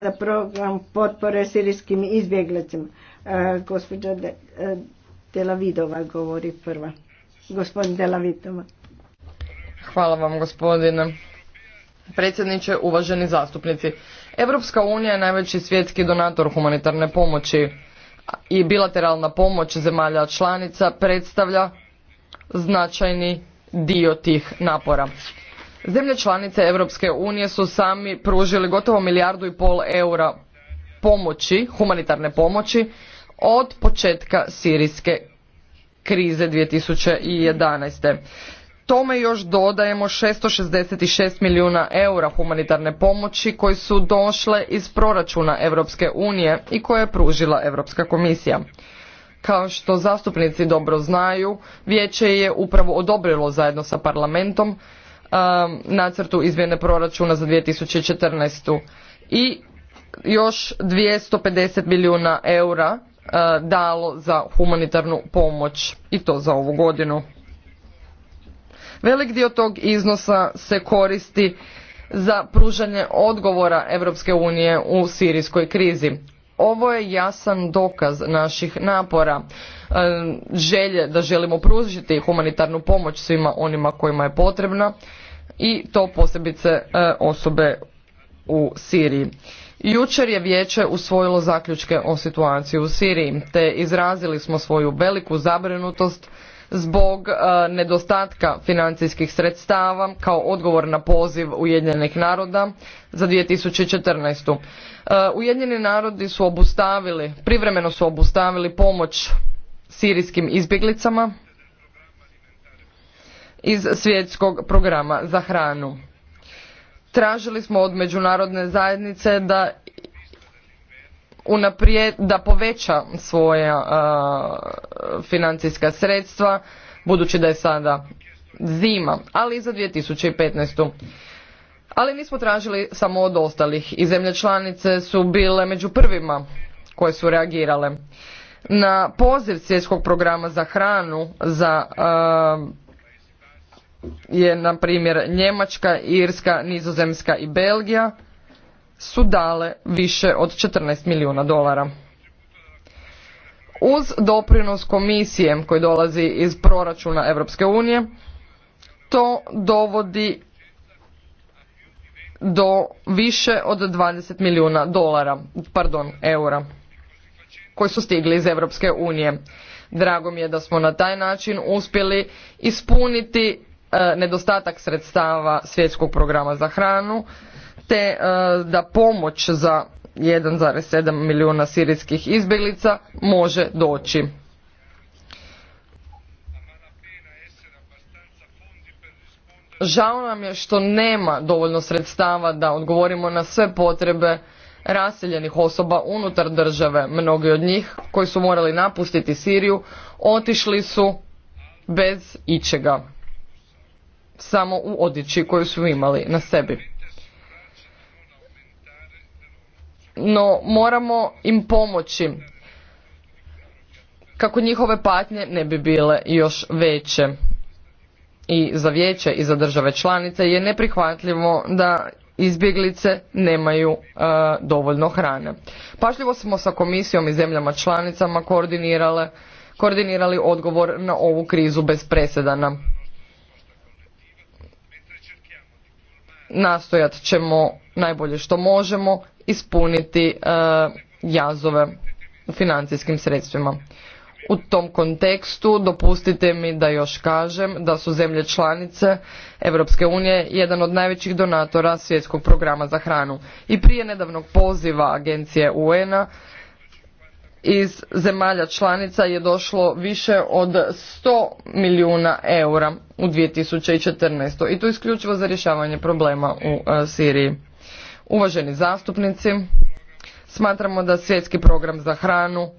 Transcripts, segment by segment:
za program potpore sirijskim izbjeglicama. E, gospođa e, Delavidova govori prva. Gospodin Delavidova. Hvala vam gospodine. Predsjedniče, uvaženi zastupnici. Europska unija je najveći svjetski donator humanitarne pomoći i bilateralna pomoć zemalja članica predstavlja značajni dio tih napora. Zemlje članice Europske unije su sami pružili gotovo milijardu i pol eura pomoći, humanitarne pomoći, od početka sirijske krize 2011. Tome još dodajemo 666 milijuna eura humanitarne pomoći koji su došle iz proračuna Europske unije i koje je pružila Europska komisija. Kao što zastupnici dobro znaju, vijeće je upravo odobrilo zajedno sa parlamentom Um, nacrtu izmjene proračuna za 2014. i još 250 milijuna eura uh, dalo za humanitarnu pomoć i to za ovu godinu. Velik dio tog iznosa se koristi za pružanje odgovora Europske unije u sirijskoj krizi. Ovo je jasan dokaz naših napora, um, želje da želimo pružiti humanitarnu pomoć svima onima kojima je potrebna i to posebice e, osobe u Siriji. Jučer je vijeće usvojilo zaključke o situaciji u Siriji, te izrazili smo svoju veliku zabrinutost zbog e, nedostatka financijskih sredstava kao odgovor na poziv Ujedinjenih naroda za 2014. E, Ujedinjeni narodi su obustavili, privremeno su obustavili pomoć sirijskim izbjeglicama iz svjetskog programa za hranu. Tražili smo od međunarodne zajednice da da poveća svoja financijska sredstva, budući da je sada zima, ali i za 2015. Ali nismo tražili samo od ostalih i zemlje članice su bile među prvima koje su reagirale. Na poziv svjetskog programa za hranu za je na primjer Njemačka, Irska, Nizozemska i Belgija su dale više od 14 milijuna dolara. Uz doprinos komisije koji dolazi iz proračuna Europske unije, to dovodi do više od 20 milijuna dolara, pardon, eura, koji su stigli iz Europske unije. Drago mi je da smo na taj način uspjeli ispuniti E, nedostatak sredstava svjetskog programa za hranu te e, da pomoć za 1,7 milijuna sirijskih izbjeglica može doći. Žao nam je što nema dovoljno sredstava da odgovorimo na sve potrebe raseljenih osoba unutar države. Mnogi od njih koji su morali napustiti Siriju otišli su bez ičega samo u odjeći koju su imali na sebi. No moramo im pomoći kako njihove patnje ne bi bile još veće. I za vijeće i za države članice je neprihvatljivo da izbjeglice nemaju e, dovoljno hrane. Pažljivo smo sa komisijom i zemljama članicama koordinirali odgovor na ovu krizu bez presedana. nastojat ćemo najbolje što možemo ispuniti e, jazove u financijskim sredstvima. U tom kontekstu dopustite mi da još kažem da su zemlje članice Europske unije jedan od najvećih donatora svjetskog programa za hranu. I prije nedavnog poziva agencije UN-a iz zemalja članica je došlo više od 100 milijuna eura u 2014. I to isključivo za rješavanje problema u e, Siriji. Uvaženi zastupnici, smatramo da svjetski program za hranu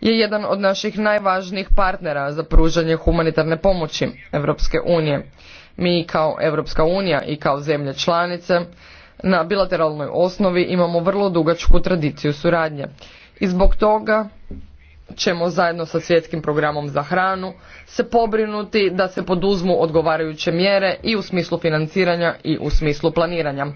je jedan od naših najvažnijih partnera za pružanje humanitarne pomoći Europske unije. Mi kao Europska unija i kao zemlje članice na bilateralnoj osnovi imamo vrlo dugačku tradiciju suradnje. I zbog toga ćemo zajedno sa svjetskim programom za hranu se pobrinuti da se poduzmu odgovarajuće mjere i u smislu financiranja i u smislu planiranja.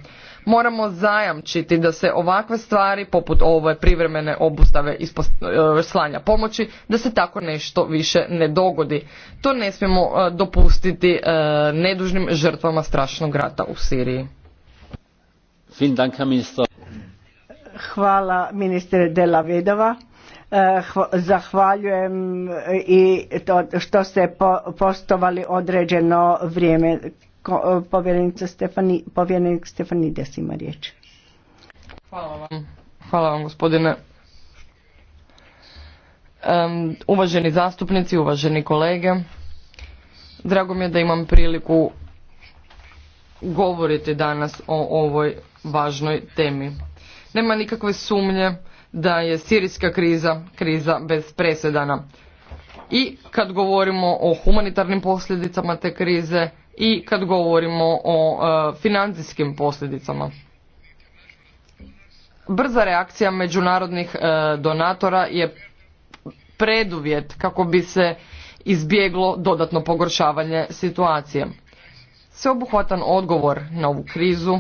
Moramo zajamčiti da se ovakve stvari poput ove privremene obustave i e, slanja pomoći da se tako nešto više ne dogodi. To ne smijemo e, dopustiti e, nedužnim žrtvama strašnog rata u Siriji. Hvala ministre Dela Vedova. Eh, zahvaljujem i što ste postovali određeno vrijeme. Povjerenica Stefani, povjerenik Stefanides ima riječ. Hvala vam. gospodine. Um, uvaženi zastupnici, uvaženi kolege, drago mi je da imam priliku govoriti danas o ovoj važnoj temi. Nema nikakve sumnje da je sirijska kriza kriza bez presedana. I kad govorimo o humanitarnim posljedicama te krize i kad govorimo o e, financijskim posljedicama. Brza reakcija međunarodnih e, donatora je preduvjet kako bi se izbjeglo dodatno pogoršavanje situacije. Sveobuhvatan odgovor na ovu krizu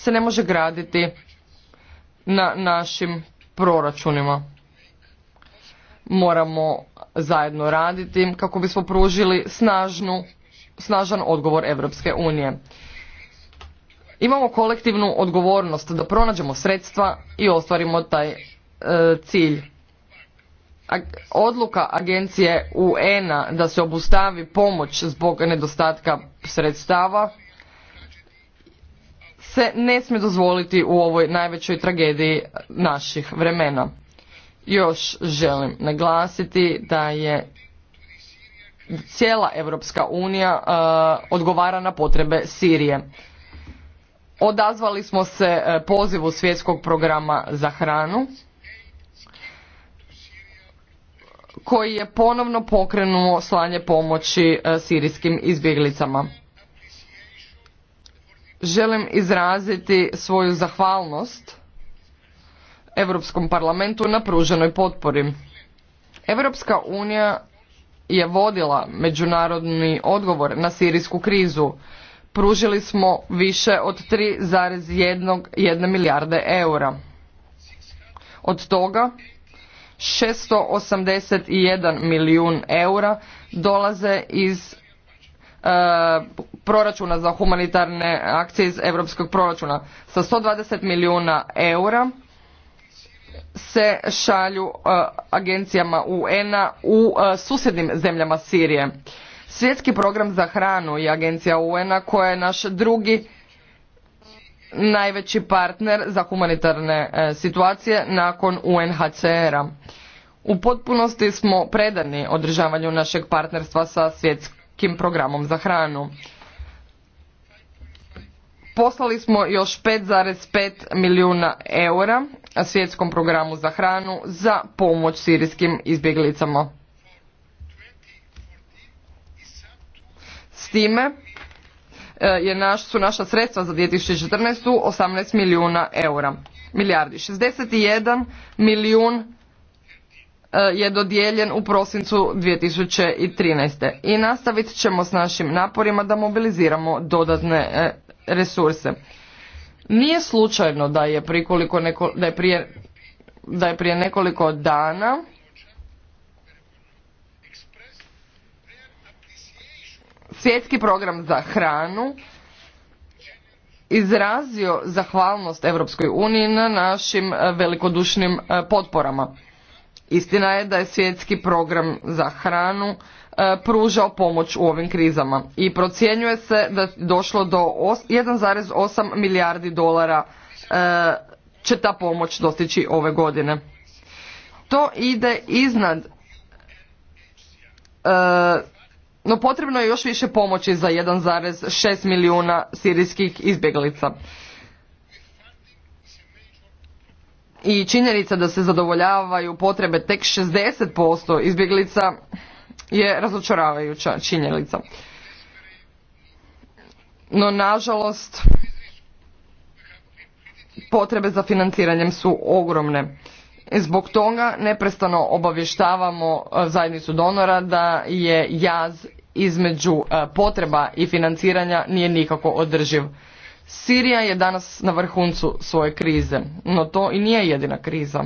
se ne može graditi na našim proračunima. Moramo zajedno raditi kako bismo pružili snažnu, snažan odgovor Europske unije. Imamo kolektivnu odgovornost da pronađemo sredstva i ostvarimo taj e, cilj. Odluka agencije UN-a da se obustavi pomoć zbog nedostatka sredstava se ne smije dozvoliti u ovoj najvećoj tragediji naših vremena. Još želim naglasiti da je cijela Europska unija e, odgovara na potrebe Sirije. Odazvali smo se e, pozivu svjetskog programa za hranu koji je ponovno pokrenuo slanje pomoći e, sirijskim izbjeglicama želim izraziti svoju zahvalnost Europskom parlamentu na pruženoj potpori. Europska unija je vodila međunarodni odgovor na sirijsku krizu. Pružili smo više od 3,1 milijarde eura. Od toga 681 milijun eura dolaze iz e, proračuna za humanitarne akcije iz europskog proračuna. Sa 120 milijuna eura se šalju e, agencijama UN-a u e, susjednim zemljama Sirije. Svjetski program za hranu i agencija UN-a koja je naš drugi najveći partner za humanitarne e, situacije nakon UNHCR-a. U potpunosti smo predani održavanju našeg partnerstva sa svjetskim programom za hranu. Poslali smo još 5,5 milijuna eura svjetskom programu za hranu za pomoć sirijskim izbjeglicama. S time e, je naš, su naša sredstva za 2014. 18 milijuna eura. Milijardi. 61 milijun e, je dodijeljen u prosincu 2013. I nastavit ćemo s našim naporima da mobiliziramo dodatne e, resurse. Nije slučajno da je, neko, da je, prije, da je prije nekoliko dana svjetski program za hranu izrazio zahvalnost Europskoj uniji na našim e, velikodušnim e, potporama. Istina je da je svjetski program za hranu E, pružao pomoć u ovim krizama i procjenjuje se da došlo do 1,8 milijardi dolara e, će ta pomoć dostići ove godine. To ide iznad e, no potrebno je još više pomoći za 1,6 milijuna sirijskih izbjeglica. I činjenica da se zadovoljavaju potrebe tek 60% izbjeglica je razočaravajuća činjenica. No, nažalost, potrebe za financiranjem su ogromne. Zbog toga neprestano obavještavamo e, zajednicu donora da je jaz između e, potreba i financiranja nije nikako održiv. Sirija je danas na vrhuncu svoje krize, no to i nije jedina kriza.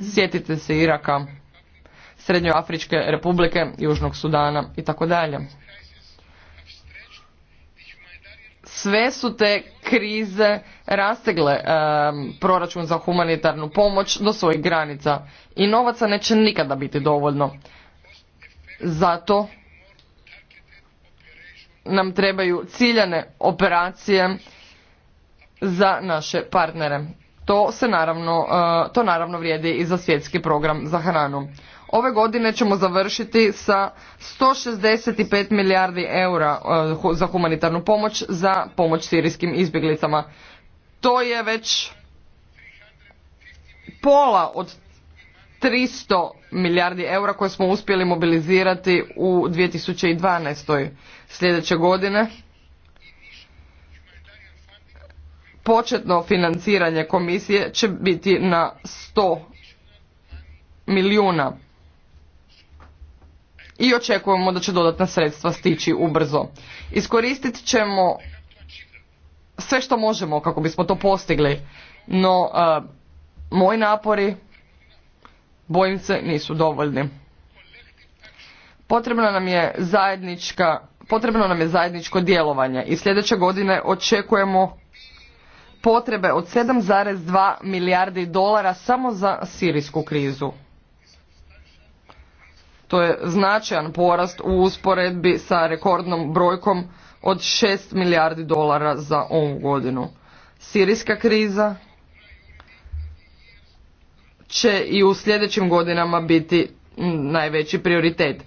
Sjetite se Iraka, Srednjoafričke republike, Južnog Sudana i tako dalje. Sve su te krize rastegle proračun za humanitarnu pomoć do svojih granica i novaca neće nikada biti dovoljno. Zato nam trebaju ciljane operacije za naše partnere. To se naravno, eh, to naravno vrijedi i za svjetski program za hranu. Ove godine ćemo završiti sa 165 milijardi eura e, za humanitarnu pomoć za pomoć sirijskim izbjeglicama. To je već pola od 300 milijardi eura koje smo uspjeli mobilizirati u 2012. sljedeće godine. Početno financiranje komisije će biti na 100 milijuna i očekujemo da će dodatna sredstva stići ubrzo. Iskoristit ćemo sve što možemo kako bismo to postigli, no e, moji napori, bojim se, nisu dovoljni. Potrebno nam je zajednička Potrebno nam je zajedničko djelovanje i sljedeće godine očekujemo potrebe od 7,2 milijardi dolara samo za sirijsku krizu. To je značajan porast u usporedbi sa rekordnom brojkom od 6 milijardi dolara za ovu godinu. Sirijska kriza će i u sljedećim godinama biti najveći prioritet.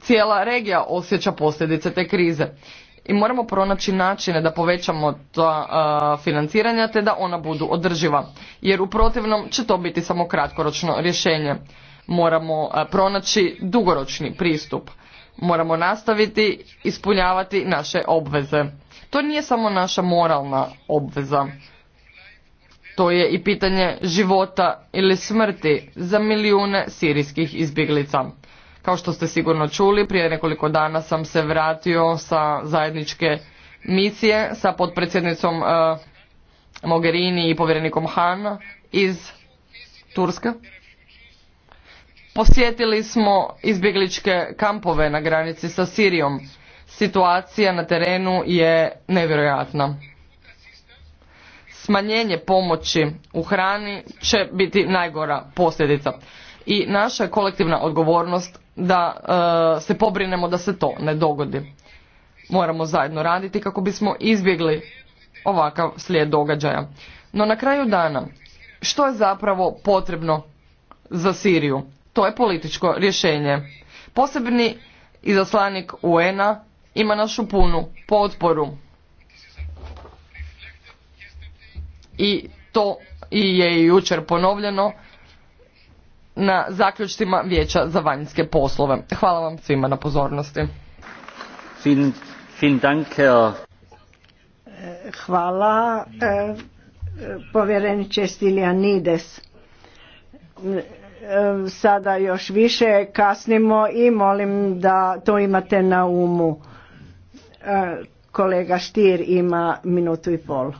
Cijela regija osjeća posljedice te krize i moramo pronaći načine da povećamo ta financiranja te da ona budu održiva jer u protivnom će to biti samo kratkoročno rješenje. Moramo pronaći dugoročni pristup. Moramo nastaviti ispunjavati naše obveze. To nije samo naša moralna obveza. To je i pitanje života ili smrti za milijune sirijskih izbjeglica. Kao što ste sigurno čuli, prije nekoliko dana sam se vratio sa zajedničke misije sa potpredsjednicom Mogherini i povjerenikom Han iz Turske. Posjetili smo izbjegličke kampove na granici sa Sirijom. Situacija na terenu je nevjerojatna. Smanjenje pomoći u hrani će biti najgora posljedica. I naša je kolektivna odgovornost da e, se pobrinemo da se to ne dogodi. Moramo zajedno raditi kako bismo izbjegli ovakav slijed događaja. No na kraju dana, što je zapravo potrebno za Siriju? To je političko rješenje. Posebni izaslanik UN-a ima našu punu potporu. I to i je i jučer ponovljeno na zaključcima Vijeća za vanjske poslove. Hvala vam svima na pozornosti. Hvala eh, povjereniče nides sada još više kasnimo i molim da to imate na umu. E, kolega Štir ima minutu i pol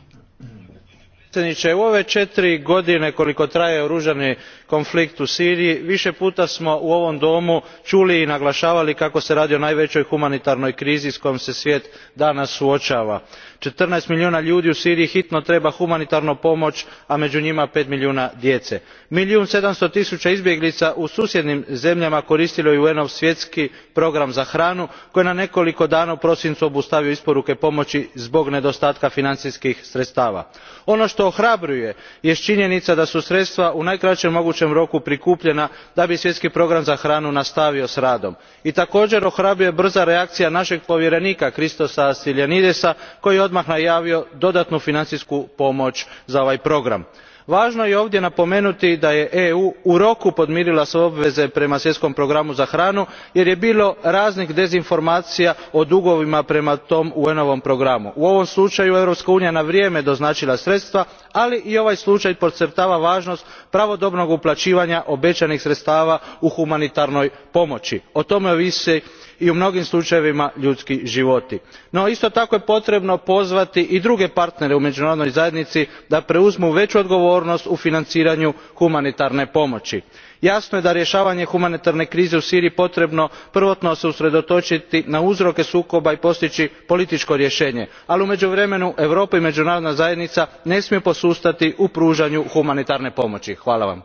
u ove četiri godine koliko traje oružani konflikt u siriji više puta smo u ovom domu čuli i naglašavali kako se radi o najvećoj humanitarnoj krizi s kojom se svijet danas suočava. fourteen milijuna ljudi u siriji hitno treba humanitarnu pomoć a među njima five milijuna djece. milijun i sedamsto tisuća izbjeglica u susjednim zemljama koristilo je un ov svjetski program za hranu koji je na nekoliko dana u prosincu obustavio isporuke pomoći zbog nedostatka financijskih sredstava. ono što ohrabruje jest činjenica da su sredstva u najkraćem mogućem roku prikupljena da bi svjetski program za hranu nastavio s radom. i također ohrabruje brza reakcija našeg povjerenika christosa stylianidesa koji je odmah najavio dodatnu financijsku pomoć za ovaj program. Važno je ovdje napomenuti da je eu u roku podmirila svoje obveze prema svjetskom programu za hranu jer je bilo raznih dezinformacija o dugovima prema tom un ovom programu. u ovom sluaju europska unija na vrijeme doznaila sredstva ali i ovaj sluaj podcrtava vanost pravodobnog uplaivanja obećanih sredstava u humanitarnoj pomoi. o tome ovise i u mnogim slučajevima ljudski životi. no isto tako je potrebno pozvati i druge partnere u međunarodnoj zajednici da preuzmu veću odgovornost u financiranju humanitarne pomoći. jasno je da rješavanje humanitarne krize u siriji potrebno prvotno se usredotočiti na uzroke sukoba i postići političko rješenje ali u međuvremenu europa i međunarodna zajednica ne smije posustati u pružanju humanitarne pomoći. hvala vam.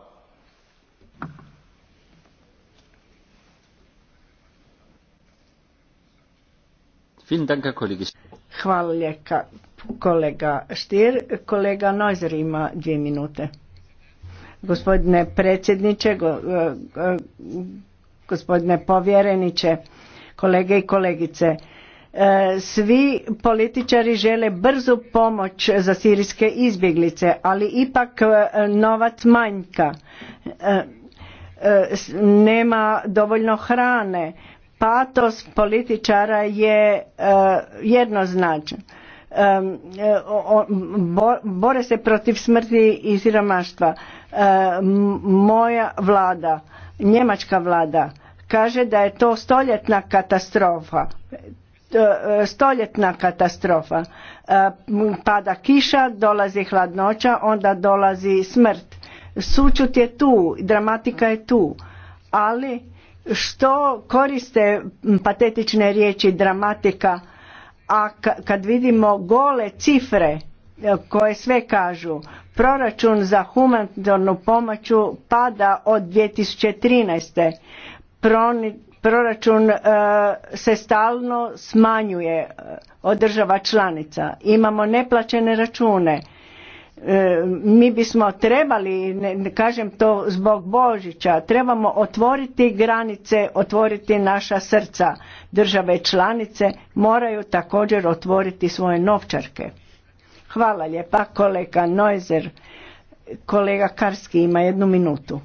Hvala lijeka kolega Štir. Kolega Nojzer ima dvije minute. Gospodine predsjedniče, e, e, gospodine povjereniče, kolege i kolegice, e, svi političari žele brzu pomoć za sirijske izbjeglice, ali ipak novac manjka. Nema dovoljno hrane patos političara je e, jednoznačan e, e, bore se protiv smrti i siromaštva moja vlada njemačka vlada kaže da je to stoljetna katastrofa stoljetna katastrofa pada kiša dolazi hladnoća onda dolazi smrt Sučut je tu dramatika je tu ali što koriste patetične riječi dramatika a kad vidimo gole cifre e, koje sve kažu proračun za humanitarnu pomoću pada od 2013. Proni, proračun e, se stalno smanjuje e, od država članica. Imamo neplaćene račune E, mi bismo trebali, ne kažem to zbog Božića, trebamo otvoriti granice, otvoriti naša srca. Države članice moraju također otvoriti svoje novčarke. Hvala lijepa kolega Neuser, Kolega Karski ima jednu minutu.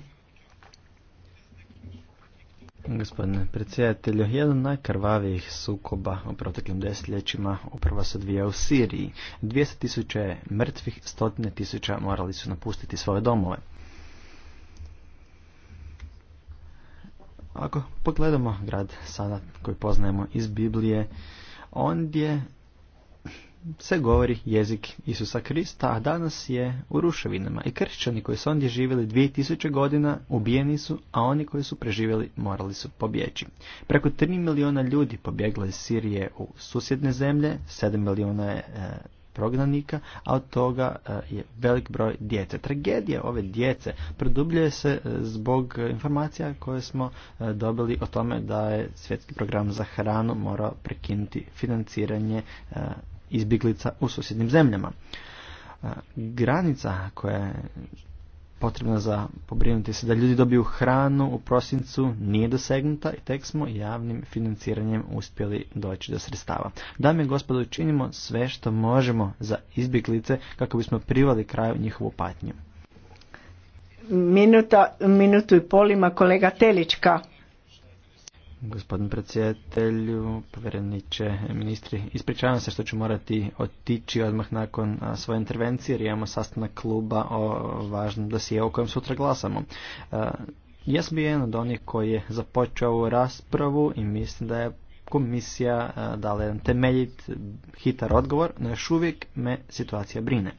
Gospodine predsjedatelju, jedan od najkrvavijih sukoba u proteklim desetljećima upravo se odvija u Siriji. 200 tisuća mrtvih, stotine tisuća morali su napustiti svoje domove. Ako pogledamo grad Sada koji poznajemo iz Biblije, ondje se govori jezik Isusa Krista, a danas je u ruševinama. I kršćani koji su ondje živjeli 2000 godina ubijeni su, a oni koji su preživjeli morali su pobjeći. Preko 3 miliona ljudi pobjegla iz Sirije u susjedne zemlje, 7 miliona je e, prognanika, a od toga e, je velik broj djece. Tragedija ove djece produbljuje se e, zbog informacija koje smo dobili o tome da je svjetski program za hranu morao prekinuti financiranje izbjeglica u susjednim zemljama. E, granica koja je potrebna za pobrinuti se da ljudi dobiju hranu u prosincu nije dosegnuta i tek smo javnim financiranjem uspjeli doći do sredstava. Dame i gospodo, činimo sve što možemo za izbjeglice kako bismo privali kraju njihovu patnju. Minuta, minutu i polima kolega Telička. Gospodin predsjedatelju, povjereniče, ministri, ispričavam se što ću morati otići odmah nakon svoje intervencije jer imamo sastanak kluba o važnom dosije o kojem sutra glasamo. Ja sam bio jedan od onih koji je započeo ovu raspravu i mislim da je komisija dala jedan temeljit, hitar odgovor, no još uvijek me situacija brine.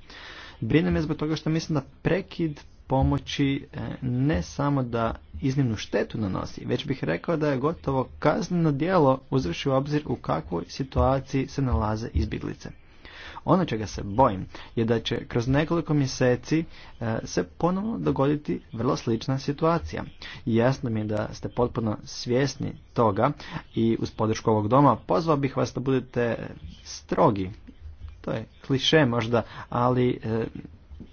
Brine me zbog toga što mislim da prekid pomoći e, ne samo da iznimnu štetu nanosi, već bih rekao da je gotovo kazneno djelo uzvrši u obzir u kakvoj situaciji se nalaze izbjeglice. Ono čega se bojim je da će kroz nekoliko mjeseci e, se ponovno dogoditi vrlo slična situacija. Jasno mi je da ste potpuno svjesni toga i uz podršku ovog doma pozvao bih vas da budete strogi. To je kliše možda, ali e,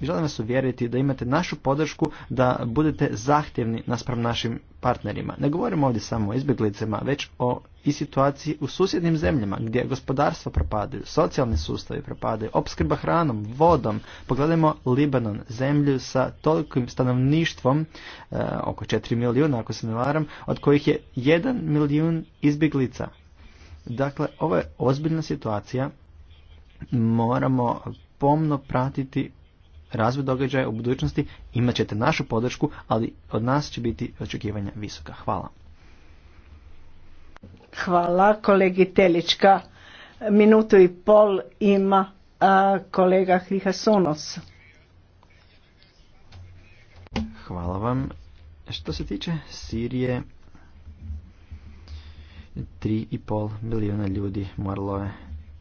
želim vas uvjeriti da imate našu podršku da budete zahtjevni naspram našim partnerima. Ne govorimo ovdje samo o izbjeglicama, već o i situaciji u susjednim zemljama gdje gospodarstva propadaju, socijalni sustavi propadaju, opskrba hranom, vodom. Pogledajmo Libanon, zemlju sa tolikim stanovništvom, eh, oko 4 milijuna ako se ne varam, od kojih je 1 milijun izbjeglica. Dakle, ovo je ozbiljna situacija, moramo pomno pratiti razvoj događaja u budućnosti, imat ćete našu podršku, ali od nas će biti očekivanja visoka. Hvala. Hvala kolegi Telička. Minutu i pol ima kolega Hrihasonos. Hvala vam. Što se tiče Sirije, i pol milijuna ljudi moralo je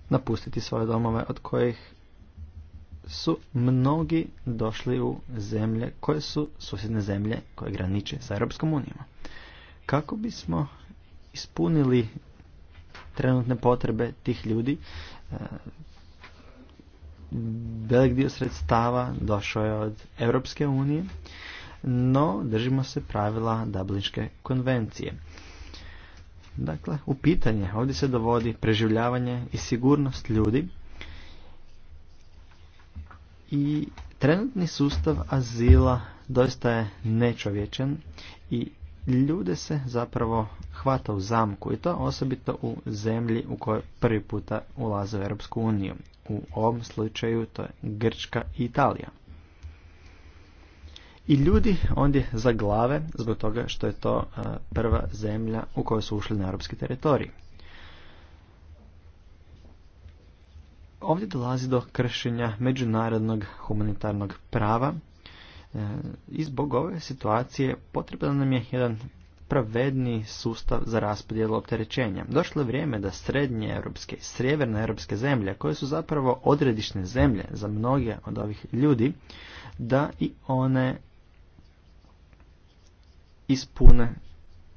napustiti svoje domove, od kojih su mnogi došli u zemlje koje su susjedne zemlje koje graniče sa Europskom unijom. Kako bismo ispunili trenutne potrebe tih ljudi, e, velik dio sredstava došao je od Europske unije, no držimo se pravila Dublinske konvencije. Dakle, u pitanje ovdje se dovodi preživljavanje i sigurnost ljudi i trenutni sustav azila doista je nečovječan i ljude se zapravo hvata u zamku i to osobito u zemlji u kojoj prvi puta ulaze u Europsku uniju. U ovom slučaju to je Grčka i Italija. I ljudi ondje glave zbog toga što je to e, prva zemlja u kojoj su ušli na europski teritorij. Ovdje dolazi do kršenja međunarodnog humanitarnog prava e, i zbog ove situacije potreban nam je jedan pravedni sustav za raspodjelu opterećenja. Došlo je vrijeme da srednje europske i sjeverne europske zemlje, koje su zapravo odredišne zemlje za mnoge od ovih ljudi, da i one ispune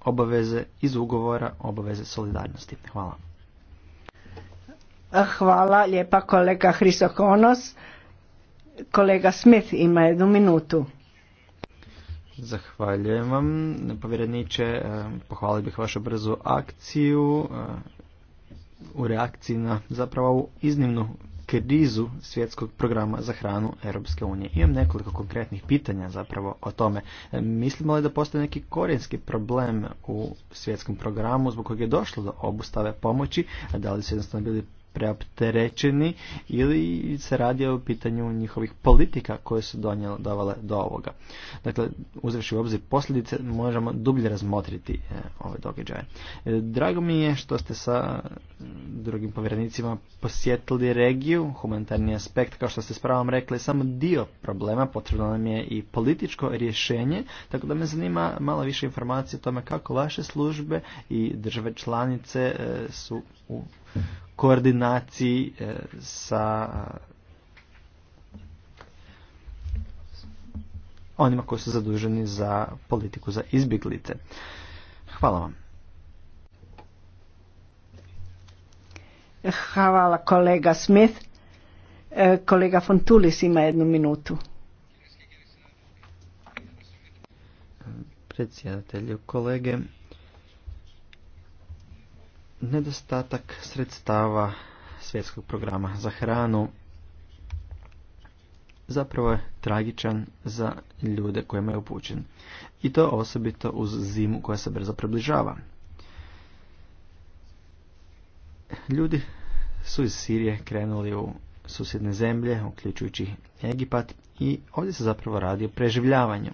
obaveze iz ugovora, obaveze solidarnosti. Hvala. Hvala lijepa kolega Hrisokonos. Kolega Smith ima jednu minutu. Zahvaljujem vam, povjereniče. E, pohvalio bih vašu brzu akciju e, u reakciji na zapravo ovu iznimnu krizu svjetskog programa za hranu Europske unije. Imam nekoliko konkretnih pitanja zapravo o tome. E, mislimo li da postoje neki korijenski problem u svjetskom programu zbog kojeg je došlo do obustave pomoći? Da li su jednostavno bili preopterećeni ili se radi o pitanju njihovih politika koje su donijele, dovale do ovoga. Dakle, uzreši u obzir posljedice, možemo dublje razmotriti e, ove događaje. E, drago mi je što ste sa drugim povjerenicima posjetili regiju, humanitarni aspekt, kao što ste s pravom rekli, samo dio problema, potrebno nam je i političko rješenje, tako da me zanima malo više informacije o tome kako vaše službe i države članice e, su u koordinaciji e, sa onima koji su zaduženi za politiku za izbjeglice. Hvala vam. Hvala kolega Smith. E, kolega Fontulis ima jednu minutu. Predsjedatelju kolege, nedostatak sredstava svjetskog programa za hranu zapravo je tragičan za ljude kojima je upućen. I to osobito uz zimu koja se brzo približava. Ljudi su iz Sirije krenuli u susjedne zemlje, uključujući Egipat, i ovdje se zapravo radi o preživljavanju.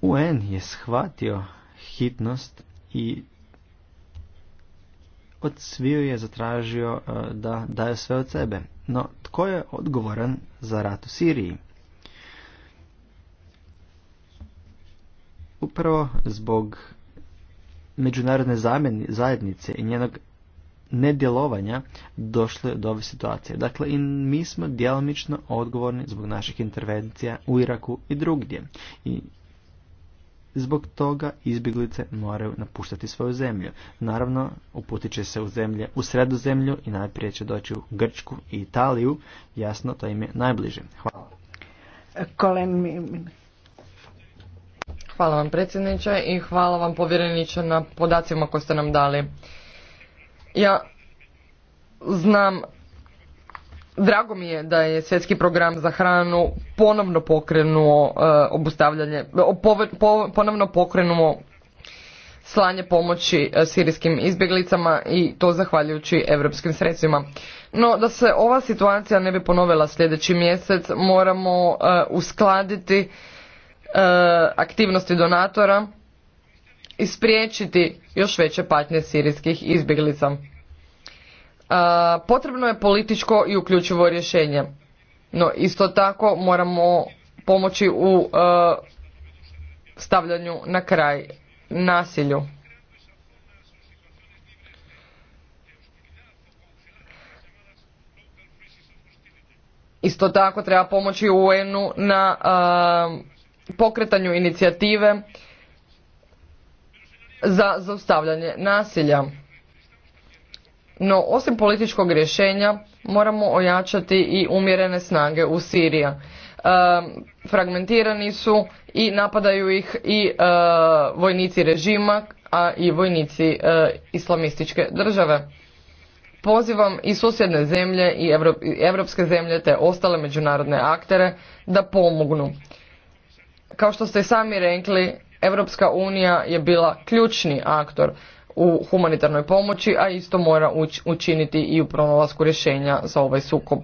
UN je shvatio hitnost i od sviju je zatražio e, da daje sve od sebe. No, tko je odgovoran za rat u Siriji? Upravo zbog međunarodne zajednice i njenog nedjelovanja došlo je do ove situacije. Dakle, i mi smo djelomično odgovorni zbog naših intervencija u Iraku i drugdje. I Zbog toga izbjeglice moraju napuštati svoju zemlju. Naravno, uputit će se u zemlje u sredozemlju i najprije će doći u Grčku i Italiju. Jasno, to im je najbliže. Hvala. Kolen... Hvala vam predsjedniče i hvala vam povjereniče na podacima koje ste nam dali. Ja znam Drago mi je da je svjetski program za hranu ponovno pokrenuo eh, obustavljanje, ponovno pokrenuo slanje pomoći eh, sirijskim izbjeglicama i to zahvaljujući europskim sredstvima. No, da se ova situacija ne bi ponovila sljedeći mjesec, moramo eh, uskladiti aktivnosti donatora i spriječiti još veće patnje sirijskih izbjeglica potrebno je političko i uključivo rješenje. No isto tako moramo pomoći u stavljanju na kraj nasilju. Isto tako treba pomoći UN-u na pokretanju inicijative za zaustavljanje nasilja. No, osim političkog rješenja, moramo ojačati i umjerene snage u Sirija. E, fragmentirani su i napadaju ih i e, vojnici režima, a i vojnici e, islamističke države. Pozivam i susjedne zemlje i evropske zemlje te ostale međunarodne aktere da pomognu. Kao što ste sami rekli, Evropska unija je bila ključni aktor u humanitarnoj pomoći, a isto mora učiniti i u pronalasku rješenja za ovaj sukob.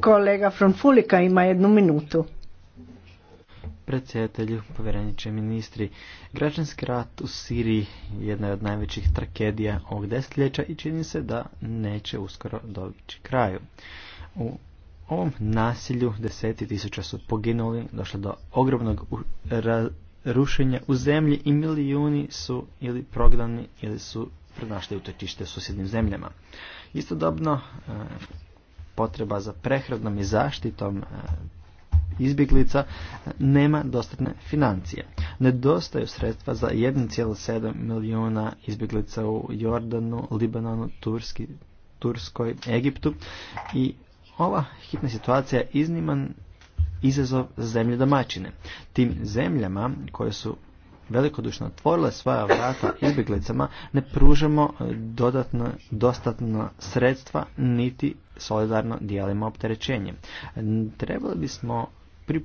Kolega Fronfulika ima jednu minutu. Predsjedatelju, povjereniče ministri, građanski rat u Siriji je jedna od najvećih tragedija ovog desetljeća i čini se da neće uskoro doći kraju. U ovom nasilju deseti tisuća su poginuli, došlo do ogromnog rušenja u zemlji i milijuni su ili prognani ili su pronašli utočište u susjednim zemljama. Istodobno e, potreba za prehradnom i zaštitom e, izbjeglica e, nema dostatne financije. Nedostaju sredstva za 1,7 milijuna izbjeglica u Jordanu, Libanonu, Turski, Turskoj, Egiptu i ova hitna situacija je izniman izazov za zemlje domaćine. Tim zemljama koje su velikodušno otvorile svoja vrata izbjeglicama, ne pružamo e, dodatno, dostatno sredstva niti solidarno dijelimo opterećenje. Trebali bismo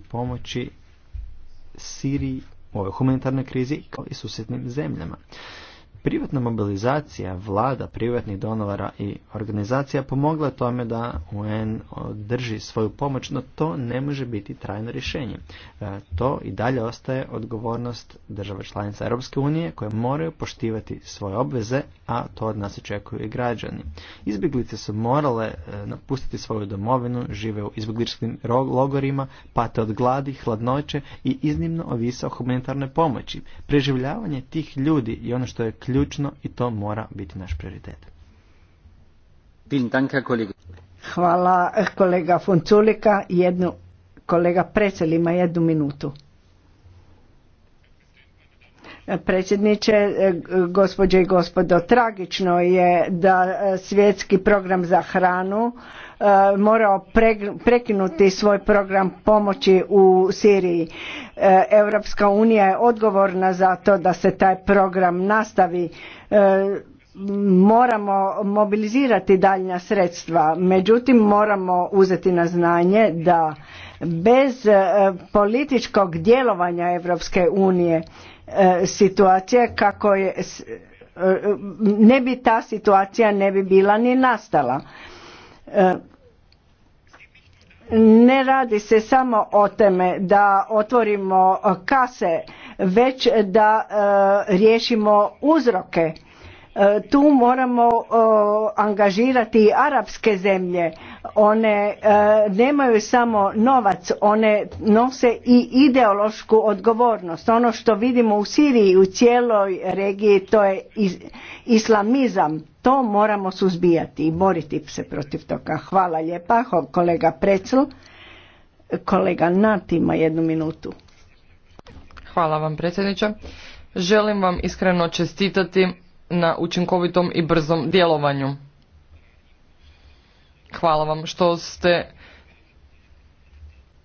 pomoći Siriji u ovoj humanitarnoj krizi kao i susjednim zemljama privatna mobilizacija vlada, privatnih donovara i organizacija pomogla tome da UN drži svoju pomoć, no to ne može biti trajno rješenje. E, to i dalje ostaje odgovornost država članica Europske unije koje moraju poštivati svoje obveze, a to od nas očekuju i građani. Izbjeglice su morale e, napustiti svoju domovinu, žive u izbjegličkim logorima, pate od gladi, hladnoće i iznimno ovisa o humanitarnoj pomoći. Preživljavanje tih ljudi i ono što je ključno i to mora biti naš prioritet. Hvala kolega Funculika, jednu, kolega Presel ima jednu minutu predsjedniče, e, gospođe i gospodo, tragično je da e, svjetski program za hranu e, morao prekinuti svoj program pomoći u Siriji. Europska unija je odgovorna za to da se taj program nastavi. Moramo mobilizirati daljnja sredstva, međutim moramo uzeti na znanje da bez političkog djelovanja Europske unije E, situacije kako je e, ne bi ta situacija ne bi bila ni nastala e, ne radi se samo o teme da otvorimo kase već da riješimo uzroke tu moramo angažirati arapske zemlje one e, nemaju samo novac, one nose i ideološku odgovornost. Ono što vidimo u Siriji i u cijeloj regiji to je islamizam. To moramo suzbijati i boriti se protiv toga. Hvala lijepa kolega Precl. Kolega Nat ima jednu minutu. Hvala vam predsjedniče. Želim vam iskreno čestitati na učinkovitom i brzom djelovanju. Hvala vam što ste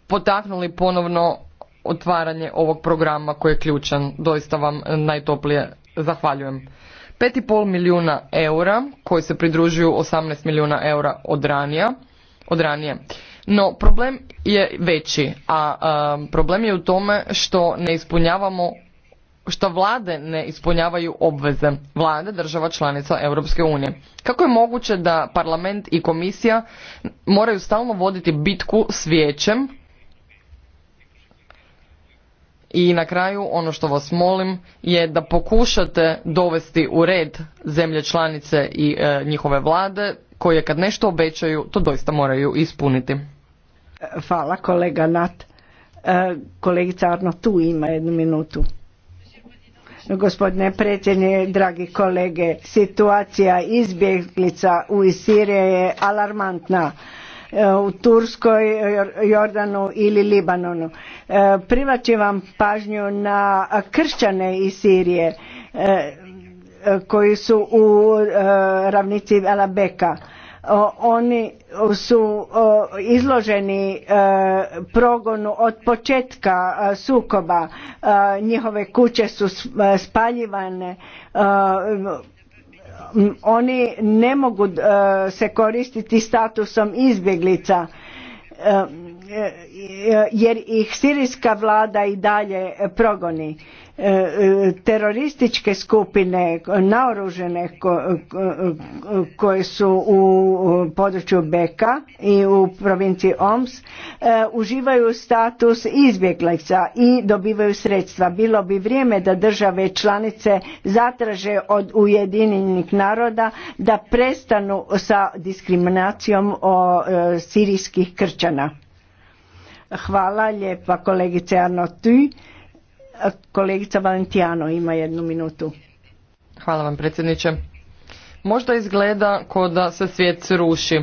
potaknuli ponovno otvaranje ovog programa koji je ključan. Doista vam najtoplije zahvaljujem. 5,5 milijuna eura koji se pridružuju 18 milijuna eura od ranija. Od ranije. No, problem je veći, a, a problem je u tome što ne ispunjavamo što vlade ne ispunjavaju obveze vlade država članica Europske unije. Kako je moguće da parlament i komisija moraju stalno voditi bitku s vijećem i na kraju ono što vas molim je da pokušate dovesti u red zemlje članice i e, njihove vlade koje kad nešto obećaju to doista moraju ispuniti. E, hvala kolega Nat. E, kolegica Arno tu ima jednu minutu gospodine predsjedniče dragi kolege situacija izbjeglica u siriji je alarmantna e, u turskoj jordanu ili libanonu e, vam pažnju na kršćane iz sirije e, koji su u ravnici alabeka oni su izloženi e, progonu od početka e, sukoba e, njihove kuće su spaljivane oni ne mogu se koristiti statusom izbjeglica jer ih sirijska vlada i dalje progoni E, e, terorističke skupine naoružene koje su u području Beka i u provinciji Oms e, uživaju status izbjeglica i dobivaju sredstva. Bilo bi vrijeme da države članice zatraže od Ujedinjenih naroda da prestanu sa diskriminacijom o sirijskih krčana. Hvala lijepa kolegice Arnotuj. Kolegica Valentijano ima jednu minutu. Hvala vam predsjedniče. Možda izgleda kao da se svijet ruši.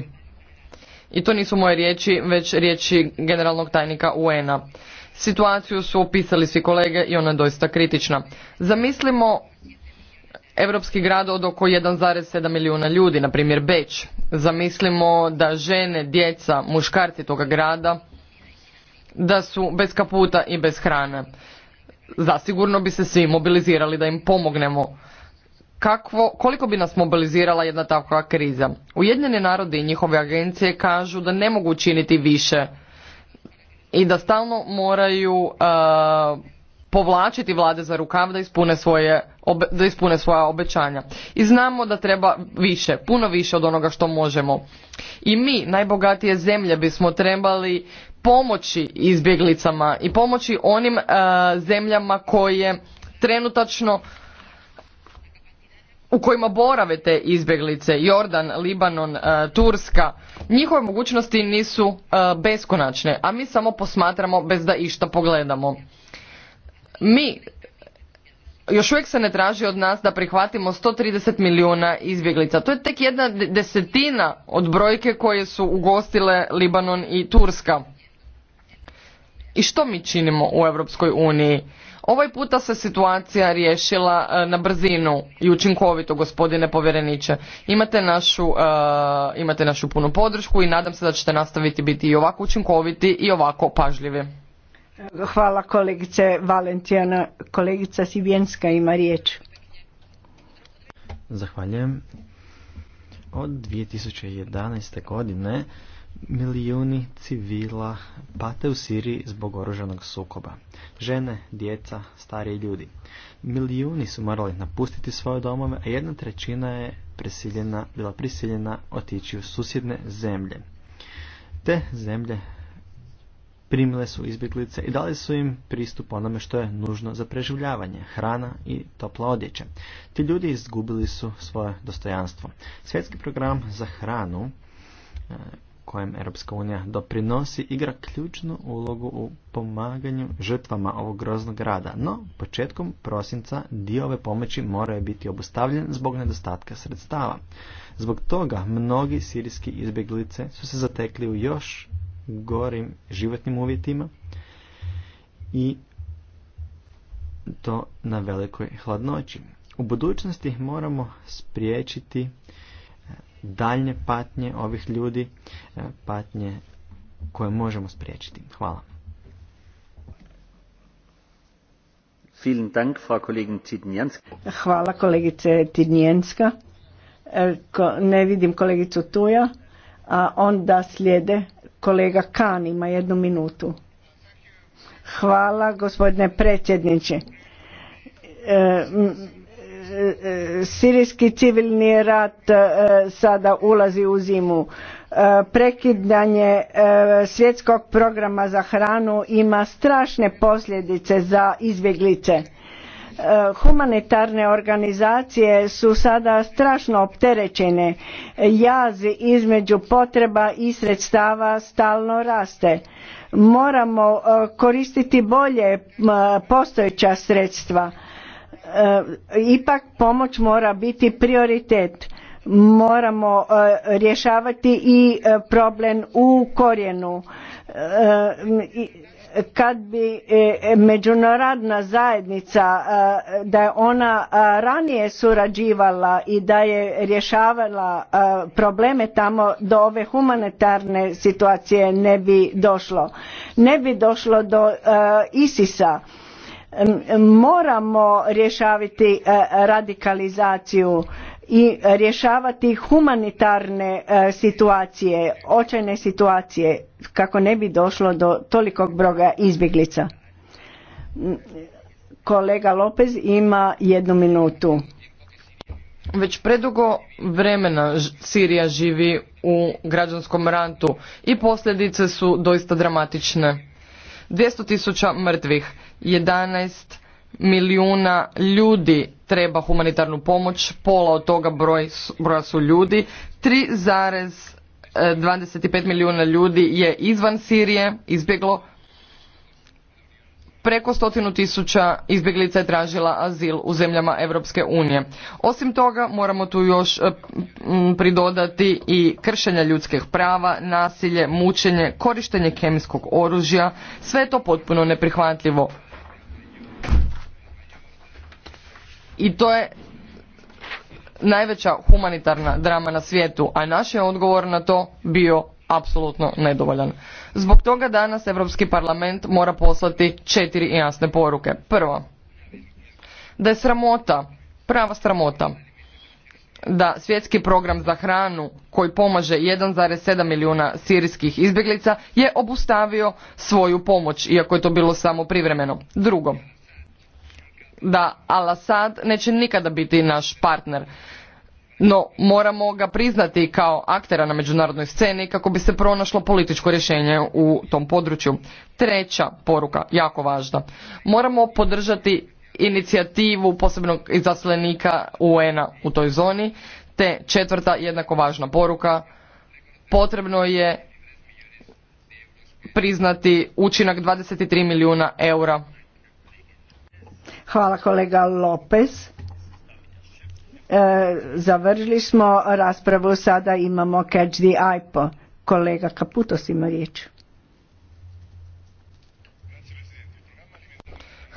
I to nisu moje riječi, već riječi generalnog tajnika UN-a. Situaciju su opisali svi kolege i ona je doista kritična. Zamislimo europski grad od oko 1,7 milijuna ljudi, na primjer Beč. Zamislimo da žene, djeca, muškarci toga grada, da su bez kaputa i bez hrane zasigurno bi se svi mobilizirali da im pomognemo. Kakvo, koliko bi nas mobilizirala jedna takva kriza? Ujedinjeni narodi i njihove agencije kažu da ne mogu učiniti više i da stalno moraju povlačiti vlade za rukav da ispune, svoje, da ispune svoja obećanja. I znamo da treba više, puno više od onoga što možemo. I mi, najbogatije zemlje, bismo trebali pomoći izbjeglicama i pomoći onim e, zemljama koje trenutačno u kojima borave te izbjeglice, Jordan, Libanon, e, Turska, njihove mogućnosti nisu e, beskonačne, a mi samo posmatramo bez da išta pogledamo. Mi još uvijek se ne traži od nas da prihvatimo 130 milijuna izbjeglica. To je tek jedna desetina od brojke koje su ugostile Libanon i Turska. I što mi činimo u Europskoj uniji? Ovaj puta se situacija riješila e, na brzinu i učinkovito, gospodine povjereniče. Imate našu, e, imate našu punu podršku i nadam se da ćete nastaviti biti i ovako učinkoviti i ovako pažljivi. Hvala kolegice Valencijana. Kolegica Sivijenska ima riječ. Zahvaljujem. Od 2011. godine milijuni civila pate u Siriji zbog oružanog sukoba. Žene, djeca, stariji ljudi. Milijuni su morali napustiti svoje domove, a jedna trećina je bila prisiljena otići u susjedne zemlje. Te zemlje primile su izbjeglice i dali su im pristup onome što je nužno za preživljavanje, hrana i topla odjeća. Ti ljudi izgubili su svoje dostojanstvo. Svjetski program za hranu e, kojem Europska unija doprinosi igra ključnu ulogu u pomaganju žrtvama ovog groznog rada, no početkom prosinca dio ove pomoći mora biti obustavljen zbog nedostatka sredstava. Zbog toga mnogi sirijski izbjeglice su se zatekli u još gorim životnim uvjetima i to na velikoj hladnoći. U budućnosti moramo spriječiti e, daljnje patnje ovih ljudi, e, patnje koje možemo spriječiti. Hvala. Hvala kolegice Tidnjenska. E, ne vidim kolegicu Tuja. A onda slijede kolega Kan ima jednu minutu. Hvala gospodine predsjedniče. E, e, sirijski civilni rat e, sada ulazi u zimu. Prekidanje svjetskog programa za hranu ima strašne posljedice za izbjeglice Eh, humanitarne organizacije su sada strašno opterećene. Jaz između potreba i sredstava stalno raste. Moramo eh, koristiti bolje eh, postojeća sredstva. Ipak pomoć mora biti prioritet. Moramo rješavati i problem u korijenu kad bi e, e, međunarodna zajednica e, da je ona ranije surađivala i da je rješavala probleme tamo do ove humanitarne situacije ne bi došlo ne bi došlo do isisa moramo rješavati radikalizaciju i rješavati humanitarne e, situacije, očajne situacije kako ne bi došlo do tolikog broga izbjeglica. Kolega Lopez ima jednu minutu. Već predugo vremena Sirija živi u građanskom rantu i posljedice su doista dramatične. 200 tisuća mrtvih, 11 milijuna ljudi treba humanitarnu pomoć, pola od toga broj, broja su ljudi, 3,25 e, milijuna ljudi je izvan Sirije izbjeglo, preko stotinu tisuća izbjeglica je tražila azil u zemljama Europske unije. Osim toga moramo tu još e, pridodati i kršenja ljudskih prava, nasilje, mučenje, korištenje kemijskog oružja, sve je to potpuno neprihvatljivo. i to je najveća humanitarna drama na svijetu, a naš je odgovor na to bio apsolutno nedovoljan. Zbog toga danas Europski parlament mora poslati četiri jasne poruke. Prvo, da je sramota, prava sramota, da svjetski program za hranu koji pomaže 1,7 milijuna sirijskih izbjeglica je obustavio svoju pomoć, iako je to bilo samo privremeno. Drugo, da Al-Assad neće nikada biti naš partner. No, moramo ga priznati kao aktera na međunarodnoj sceni kako bi se pronašlo političko rješenje u tom području. Treća poruka, jako važna. Moramo podržati inicijativu posebnog izaslenika UN-a u toj zoni, te četvrta jednako važna poruka, potrebno je priznati učinak 23 milijuna eura Hvala kolega Lopez. E, završili smo raspravu, sada imamo catch the Kolega Kaputos ima riječ.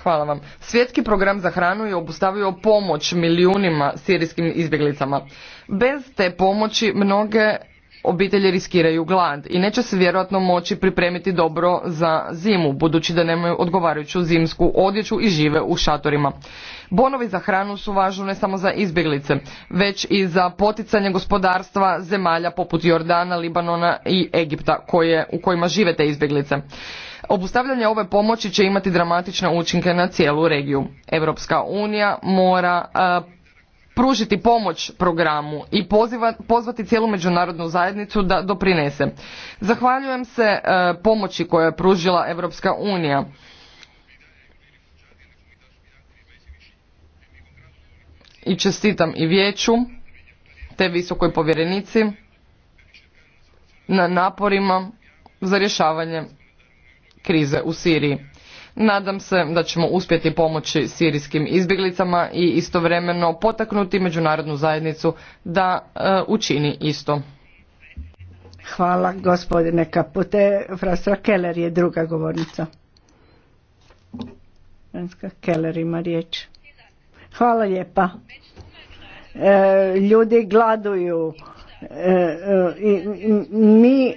Hvala vam. Svjetski program za hranu je obustavio pomoć milijunima sirijskim izbjeglicama. Bez te pomoći mnoge obitelji riskiraju glad i neće se vjerojatno moći pripremiti dobro za zimu, budući da nemaju odgovarajuću zimsku odjeću i žive u šatorima. Bonovi za hranu su važni ne samo za izbjeglice, već i za poticanje gospodarstva zemalja poput Jordana, Libanona i Egipta koje, u kojima žive te izbjeglice. Obustavljanje ove pomoći će imati dramatične učinke na cijelu regiju. Europska unija mora pružiti pomoć programu i pozvati cijelu međunarodnu zajednicu da doprinese. Zahvaljujem se e, pomoći koju je pružila Europska unija. I čestitam i vijeću te visokoj povjerenici na naporima za rješavanje krize u Siriji. Nadam se da ćemo uspjeti pomoći sirijskim izbjeglicama i istovremeno potaknuti međunarodnu zajednicu da e, učini isto. Hvala gospodine Kapute. Frastra Keller je druga govornica. Franska Keller ima riječ. Hvala lijepa. E, ljudi gladuju E, e, mi e,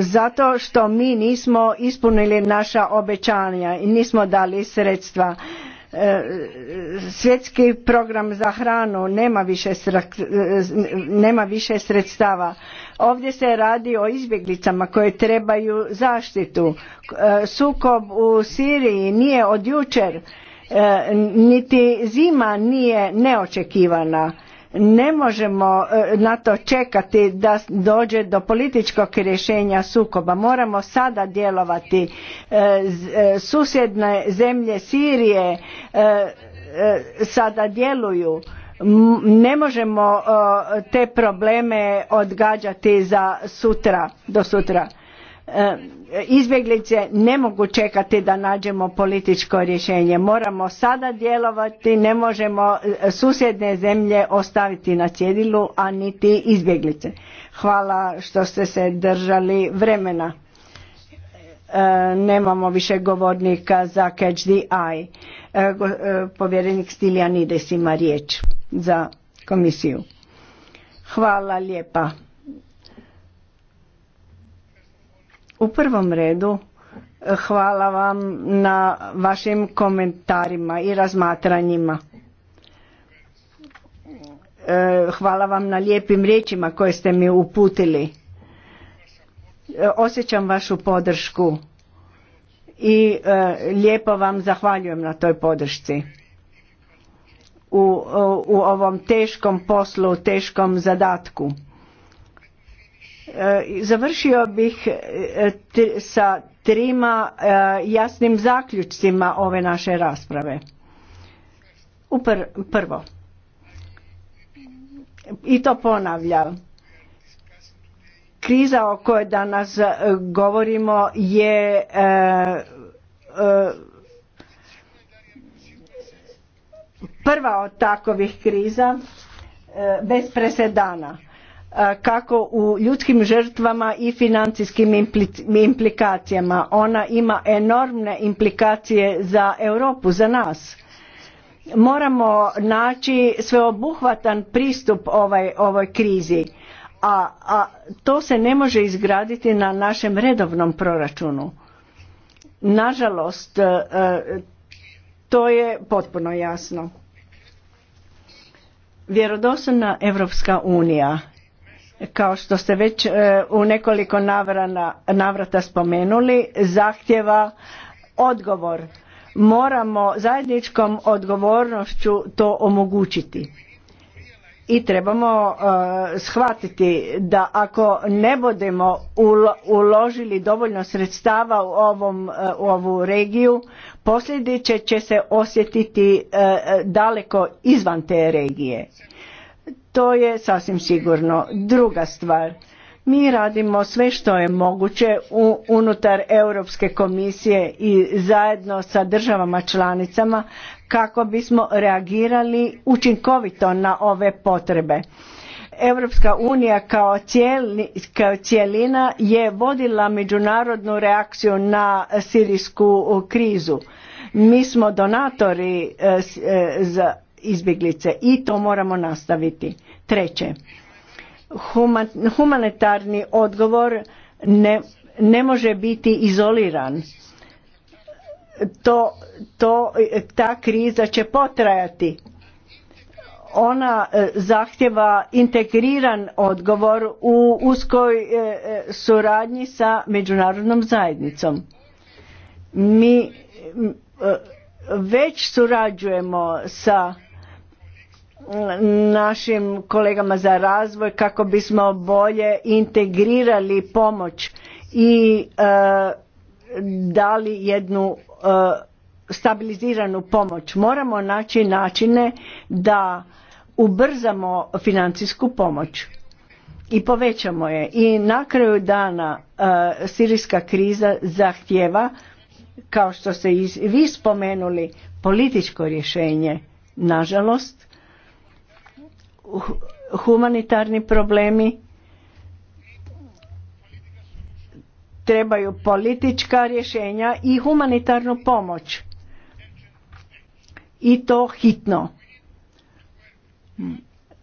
zato što mi nismo ispunili naša obećanja i nismo dali sredstva svjetski program za hranu nema više, nema više sredstava ovdje se radi o izbjeglicama koje trebaju zaštitu sukob u siriji nije od jučer niti zima nije neočekivana ne možemo e, na to čekati da dođe do političkog rješenja sukoba. Moramo sada djelovati. E, e, susjedne zemlje Sirije sada djeluju ne možemo te probleme odgađati za sutra do sutra E, izbjeglice ne mogu čekati da nađemo političko rješenje. Moramo sada djelovati, ne možemo e, susjedne zemlje ostaviti na cjedilu, a niti izbjeglice. Hvala što ste se držali vremena. E, nemamo više govornika za Catch the Eye. Povjerenik Stiljanides ima riječ za komisiju. Hvala lijepa. U prvom redu eh, hvala vam na vašim komentarima i razmatranjima. Eh, hvala vam na lijepim riječima koje ste mi uputili. Eh, osjećam vašu podršku i lijepo vam zahvaljujem na toj podršci. U, ovom teškom poslu, teškom zadatku. E, završio bih e, sa trima e, jasnim zaključcima ove naše rasprave. Prvo, i to ponavljam, kriza o kojoj danas govorimo je prva od takovih kriza bez presedana kako u ljudskim žrtvama i financijskim implikacijama. Ona ima enormne implikacije za Europu, za nas. Moramo naći sveobuhvatan pristup ovaj, ovoj krizi, a, a to se ne može izgraditi na našem redovnom proračunu. Nažalost, e, to je potpuno jasno. Vjerodostojna Europska unija kao što ste već e, u nekoliko navrata spomenuli zahtjeva odgovor moramo zajedničkom odgovornošću to omogućiti i trebamo e, shvatiti da ako ne budemo uložili dovoljno sredstava u, ovom, e, ovu regiju posljedice će se osjetiti daleko izvan te regije to je sasvim sigurno. Druga stvar, mi radimo sve što je moguće unutar Europske komisije i zajedno sa državama članicama kako bismo reagirali učinkovito na ove potrebe. Europska unija kao, cijeli, kao cijelina je vodila međunarodnu reakciju na sirijsku krizu. Mi smo donatori eh, eh, za izbjeglice i to moramo nastaviti. Treće, humanitarni odgovor ne, može biti izoliran. To, to, ta kriza će potrajati. Ona e, zahtjeva integriran odgovor u uskoj e, suradnji sa međunarodnom zajednicom. Mi e, već surađujemo sa našim kolegama za razvoj kako bismo bolje integrirali pomoć i e, dali jednu e, stabiliziranu pomoć. Moramo naći načine da ubrzamo financijsku pomoć i povećamo je. I na kraju dana e, sirijska kriza zahtjeva, kao što ste i vi spomenuli, političko rješenje. Nažalost, humanitarni problemi trebaju politička rješenja i humanitarnu pomoć i to hitno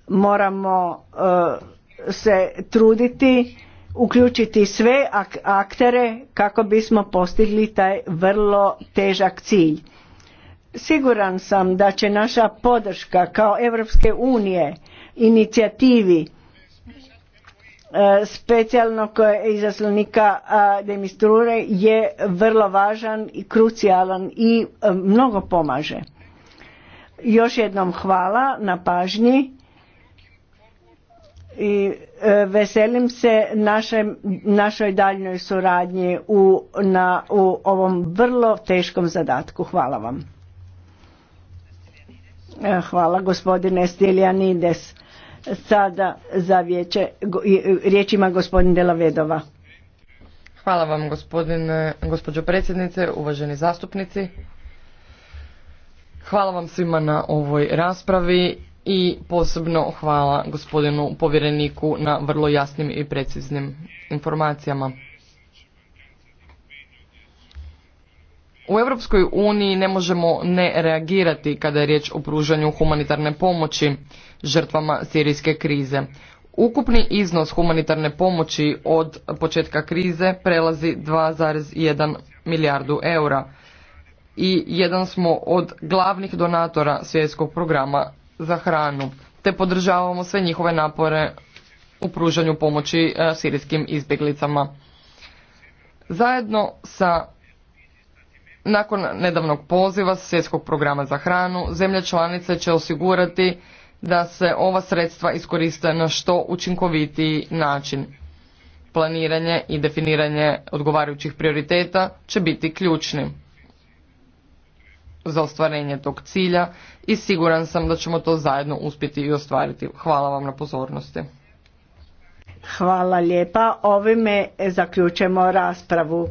moramo eh, se truditi uključiti sve aktere kako bismo postigli taj vrlo težak cilj siguran sam da će naša podrška kao Europske unije inicijativi e, specijalnog izaslanika Demistrure je vrlo važan i krucijalan i e, mnogo pomaže. Još jednom hvala na pažnji i e, veselim se našoj daljnjoj suradnji u, u ovom vrlo teškom zadatku. Hvala vam. Hvala gospodine Stiljanides. Sada za vijeće riječima gospodin gospodin Delavedova. Hvala vam gospodine, gospođo predsjednice, uvaženi zastupnici. Hvala vam svima na ovoj raspravi i posebno hvala gospodinu povjereniku na vrlo jasnim i preciznim informacijama. U Europskoj uniji ne možemo ne reagirati kada je riječ o pružanju humanitarne pomoći žrtvama sirijske krize. Ukupni iznos humanitarne pomoći od početka krize prelazi 2,1 milijardu eura i jedan smo od glavnih donatora svjetskog programa za hranu, te podržavamo sve njihove napore u pružanju pomoći e, sirijskim izbjeglicama. Zajedno sa nakon nedavnog poziva svjetskog programa za hranu, zemlja članice će osigurati da se ova sredstva iskoriste na što učinkovitiji način. Planiranje i definiranje odgovarajućih prioriteta će biti ključni za ostvarenje tog cilja i siguran sam da ćemo to zajedno uspjeti i ostvariti. Hvala vam na pozornosti. Hvala lijepa. Ovime zaključujemo raspravu.